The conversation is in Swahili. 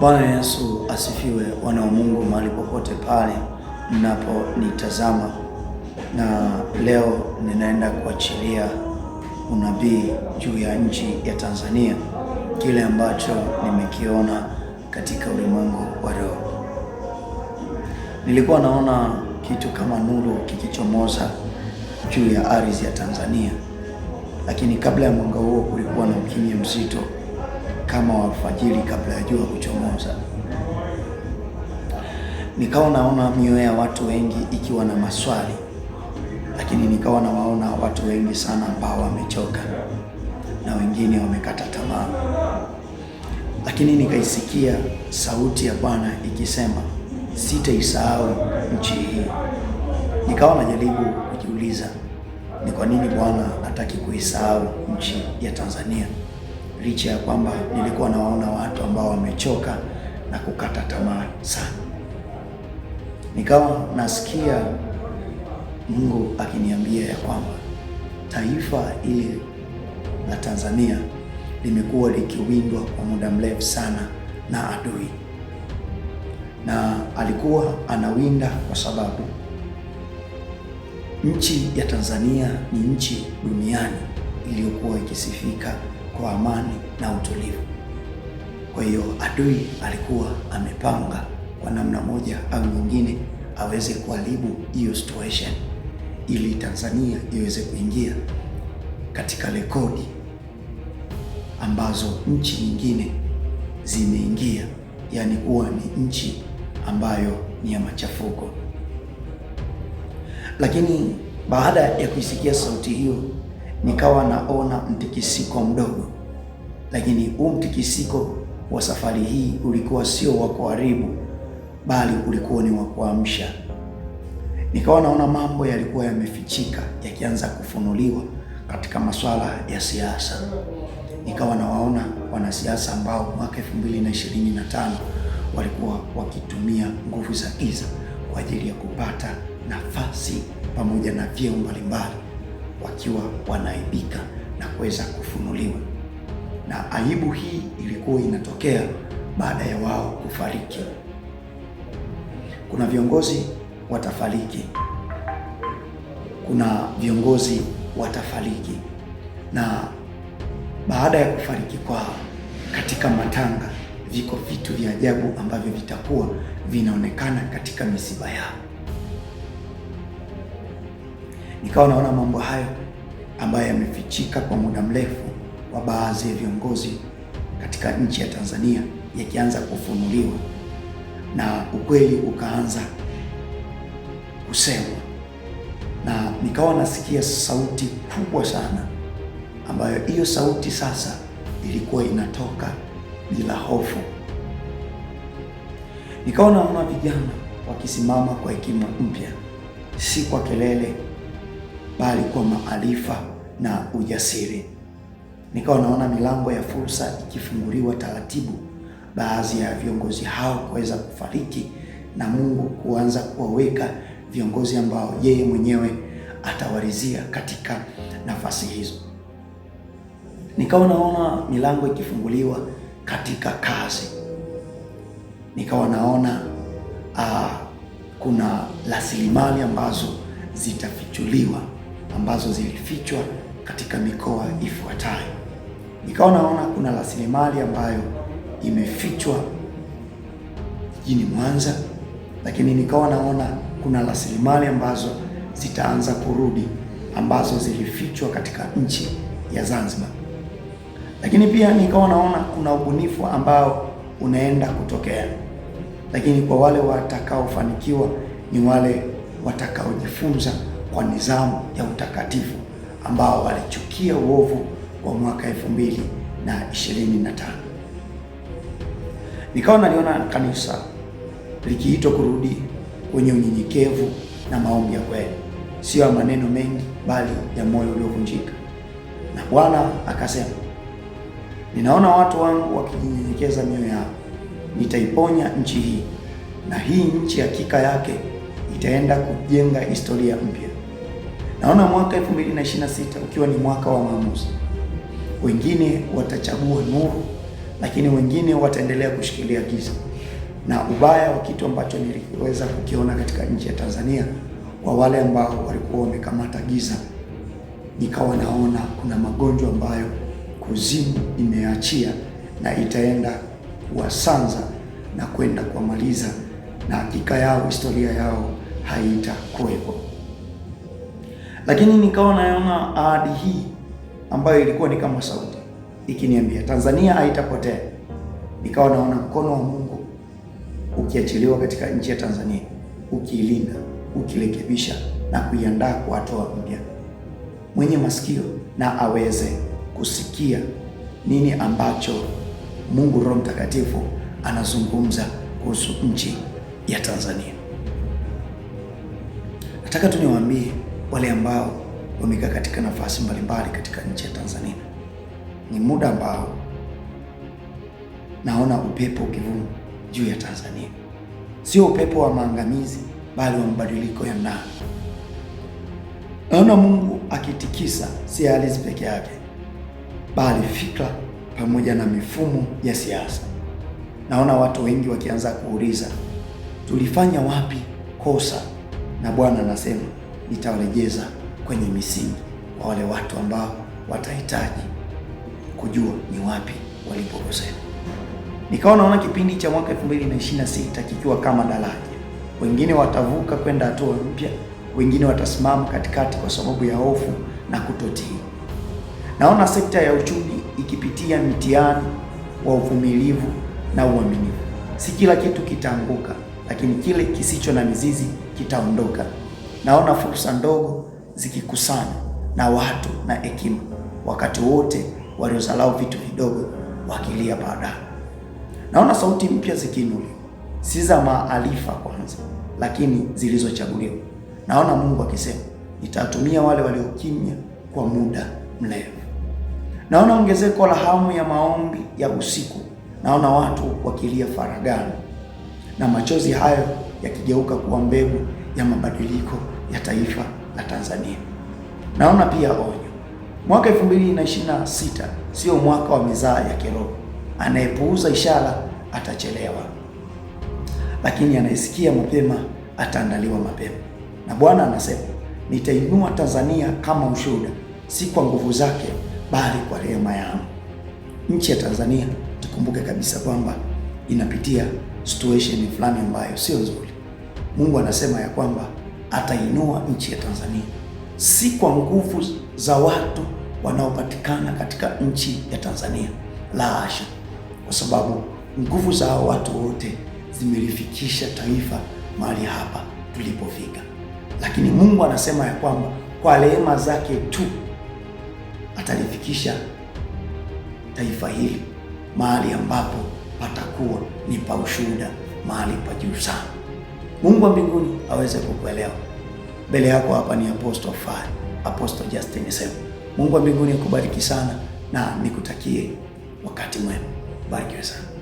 Bwana Yesu asifiwe, wana wa Mungu mahali popote pale mnaponitazama, na leo ninaenda kuachilia unabii juu ya nchi ya Tanzania, kile ambacho nimekiona katika ulimwengu wa roho. Nilikuwa naona kitu kama nuru kikichomoza juu ya ardhi ya Tanzania, lakini kabla ya mwanga huo kulikuwa na ukimya mzito kama wa alfajiri kabla ya jua kuchomoza. Nikawa naona mioyo ya watu wengi ikiwa na maswali, lakini nikawa nawaona watu wengi sana ambao wamechoka na wengine wamekata tamaa, lakini nikaisikia sauti ya Bwana ikisema sitaisahau nchi hii. Nikawa najaribu kujiuliza ni kwa nini Bwana hataki kuisahau nchi ya Tanzania licha ya kwamba nilikuwa nawaona watu ambao wamechoka na kukata tamaa sana. Nikawa nasikia Mungu akiniambia ya kwamba taifa hili la Tanzania limekuwa likiwindwa kwa muda mrefu sana na adui, na alikuwa anawinda kwa sababu nchi ya Tanzania ni nchi duniani iliyokuwa ikisifika kwa amani na utulivu. Kwa hiyo adui alikuwa amepanga kwa namna moja au nyingine aweze kuharibu hiyo situation ili Tanzania iweze kuingia katika rekodi ambazo nchi nyingine zimeingia, yaani kuwa ni nchi ambayo ni ya machafuko. Lakini baada ya kuisikia sauti hiyo nikawa naona mtikisiko mdogo, lakini huu mtikisiko wa safari hii ulikuwa sio wa kuharibu, bali ulikuwa ni wa kuamsha. Nikawa naona mambo yalikuwa yamefichika yakianza kufunuliwa katika masuala ya siasa. Nikawa nawaona wanasiasa ambao mwaka tano walikuwa wakitumia nguvu za giza kwa ajili ya kupata nafasi pamoja na vyeo mbalimbali wakiwa wanaaibika na kuweza kufunuliwa. Na aibu hii ilikuwa inatokea baada ya wao kufariki. Kuna viongozi watafariki, kuna viongozi watafariki, na baada ya kufariki kwao, katika matanga viko vitu vya ajabu ambavyo vitakuwa vinaonekana katika misiba yao. Nikawa naona mambo hayo ambayo yamefichika kwa muda mrefu wa baadhi ya viongozi katika nchi ya Tanzania yakianza kufunuliwa na ukweli ukaanza kusemwa, na nikawa nasikia sauti kubwa sana, ambayo hiyo sauti sasa ilikuwa inatoka bila hofu. Nikawa naona vijana wakisimama kwa hekima mpya, si kwa kelele, bali kwa maarifa na ujasiri. Nikawa naona milango ya fursa ikifunguliwa taratibu, baadhi ya viongozi hao kuweza kufariki na Mungu kuanza kuwaweka viongozi ambao yeye mwenyewe atawarizia katika nafasi hizo. Nikawa naona milango ikifunguliwa katika kazi, nikawa naona uh, kuna rasilimali ambazo zitafichuliwa ambazo zilifichwa katika mikoa ifuatayo. Nikawa naona kuna rasilimali ambayo imefichwa jijini Mwanza, lakini nikawa naona kuna rasilimali ambazo zitaanza kurudi ambazo zilifichwa katika nchi ya Zanzibar. Lakini pia nikawa naona kuna ubunifu ambao unaenda kutokea, lakini kwa wale watakaofanikiwa ni wale watakaojifunza kwa nidhamu ya utakatifu ambao walichukia uovu wa mwaka elfu mbili na ishirini na tano. Nikawa naliona kanisa likiitwa kurudi kwenye unyenyekevu na maombi ya kweli, sio ya maneno mengi, bali ya moyo uliovunjika. Na Bwana akasema, ninaona watu wangu wakijinyenyekeza mioyo yao, nitaiponya nchi hii, na hii nchi hakika yake itaenda kujenga historia mpya. Naona mwaka 2026 ukiwa ni mwaka wa maamuzi. Wengine watachagua nuru, lakini wengine wataendelea kushikilia giza. Na ubaya wa kitu ambacho niliweza kukiona katika nchi ya Tanzania, kwa wale ambao walikuwa wamekamata giza, nikawa naona kuna magonjwa ambayo kuzimu imeachia na itaenda kuwasanza na kwenda kuwamaliza, na hakika yao, historia yao haitakuwepo. Lakini nikawa naona ahadi hii ambayo ilikuwa ni kama sauti ikiniambia Tanzania haitapotea. Nikawa naona mkono wa Mungu ukiachiliwa katika nchi ya Tanzania, ukiilinda, ukirekebisha na kuiandaa kuwatoa mpya. Mwenye masikio na aweze kusikia nini ambacho Mungu Roho Mtakatifu anazungumza kuhusu nchi ya Tanzania. Nataka tu niwaambie wale ambao wamekaa katika nafasi mbalimbali katika nchi ya Tanzania. Ni muda ambao naona upepo ukivuma juu ya Tanzania, sio upepo wa maangamizi, bali wa mabadiliko ya ndani. Naona Mungu akitikisa si ardhi peke yake, bali fikra pamoja na mifumo ya siasa. Naona watu wengi wakianza kuuliza tulifanya wapi kosa, na Bwana anasema nitawarejeza kwenye misingi kwa wale watu ambao watahitaji kujua ni wapi walipokosea. Nikawa naona kipindi cha mwaka 2026 kikiwa kama daraja, wengine watavuka kwenda hatua mpya, wengine watasimama katikati kwa sababu ya hofu na kutotii. Naona sekta ya uchumi ikipitia mtihani wa uvumilivu na uaminifu. Si kila kitu kitaanguka, lakini kile kisicho na mizizi kitaondoka. Naona fursa ndogo zikikusanywa na watu na hekima, wakati wote waliozalau vitu vidogo wakilia baadaye. Naona sauti mpya zikiinuliwa, si za maarifa kwanza, lakini zilizochaguliwa. Naona Mungu akisema, nitatumia wale waliokimya kwa muda mrefu. Naona ongezeko la hamu ya maombi ya usiku. Naona watu wakilia faragani na machozi hayo yakigeuka kuwa mbegu ya mabadiliko ya taifa la Tanzania. Naona pia onyo, mwaka 2026 sio mwaka wa mizaa ya kiroho. Anayepuuza ishara atachelewa, lakini anayesikia mapema ataandaliwa mapema. Na Bwana anasema nitainua Tanzania kama ushuhuda, si kwa nguvu zake, bali kwa rehema yangu. Nchi ya Tanzania tukumbuke kabisa kwamba inapitia situation fulani ambayo sio nzuri. Mungu anasema ya kwamba atainua nchi ya Tanzania, si kwa nguvu za watu wanaopatikana katika nchi ya Tanzania, la hasha, kwa sababu nguvu za watu wote zimelifikisha taifa mahali hapa tulipofika. Lakini Mungu anasema ya kwamba kwa rehema zake tu atalifikisha taifa hili mahali ambapo patakuwa ni pa ushuhuda, mahali pa juu sana. Mungu wa mbinguni aweze kukuelewa. Mbele yako hapa ni Apostle Fai, Apostle Justin Sem. Mungu wa mbinguni akubariki sana na nikutakie wakati mwema. Barikiwe sana.